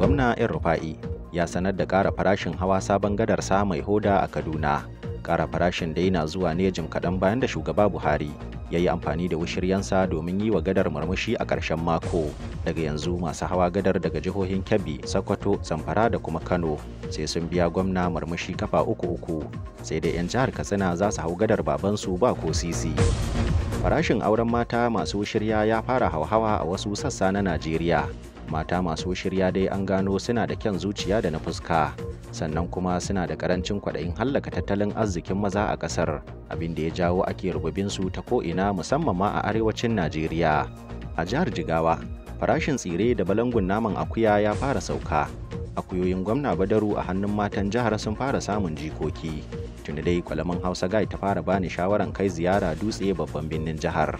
gwamna yan rufa'i ya sanar da ƙara farashin hawa sabon gadarsa mai hoda a kaduna ƙara farashin da yana zuwa ne jim kaɗan bayan da shugaba buhari ya yi amfani da wushiryansa domin yi wa gadar murmushi a ƙarshen mako daga yanzu masu hawa gadar daga jihohin kebbi sokoto zamfara da kuma kano sai sun biya gwamna murmushi kafa uku uku sai dai 'yan jihar katsina za su hau gadar babansu ba ko sisi farashin auren mata masu shirya ya fara hauhawa a wasu sassa na najeriya mata masu shirya dai an gano suna da kyan zuciya da na fuska sannan kuma suna da karancin kwaɗayin hallaka tattalin arzikin maza a ƙasar abin da ya jawo ake rububinsu ta ko'ina musamman ma a arewacin najeriya a jihar jigawa farashin tsire da balangun naman akuya ya fara sauka akuyoyin gwamna badaru a hannun matan jihar sun fara samun jikoki tuni dai kwalaman hausa gai ta fara bani shawaran kai ziyara dutse babban birnin jihar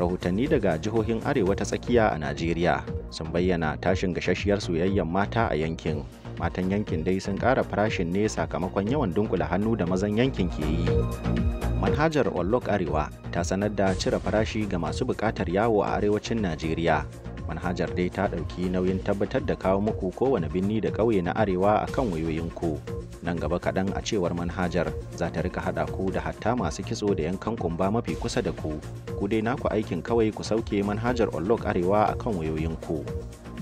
rahotanni daga jihohin arewa ta tsakiya a najeriya sun bayyana tashin gashashiyar soyayyar mata a yankin matan yankin dai sun ƙara farashin ne sakamakon yawan dunkula hannu da mazan yankin ke yi manhajar Olok Arewa ta sanar da cire farashi ga masu buƙatar yawo a arewacin Najeriya. Manhajar dai ta ɗauki nauyin tabbatar da kawo muku kowane binni da ƙauye na Arewa a kan wayoyinku. nan gaba kaɗan a cewar manhajar za ta rika haɗa ku da hatta masu kitso da yankan kumba mafi kusa da ku ku dai naku aikin kawai ku sauke manhajar unlock arewa a kan wayoyinku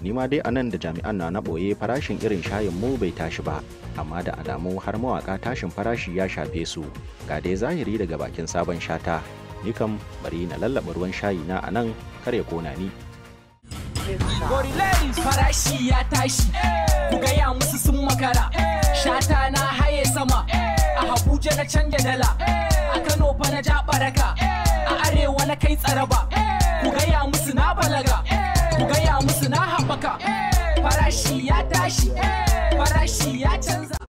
ni ma dai anan da jami'an na na ɓoye farashin irin shayin mu bai tashi ba amma da alamu har mawaka tashin farashi ya shafe su ga dai zahiri daga bakin sabon shata ni kam bari na lallaba ruwan shayi na anan kar ya kona ni farashi ya tashi ku gaya musu sun makara shata Abuja na canja dala a Kano fa na ja baraka a arewa na kai tsaraba ku gaya musu na balaga ku gaya musu na haɓaka farashi ya tashi farashi ya canza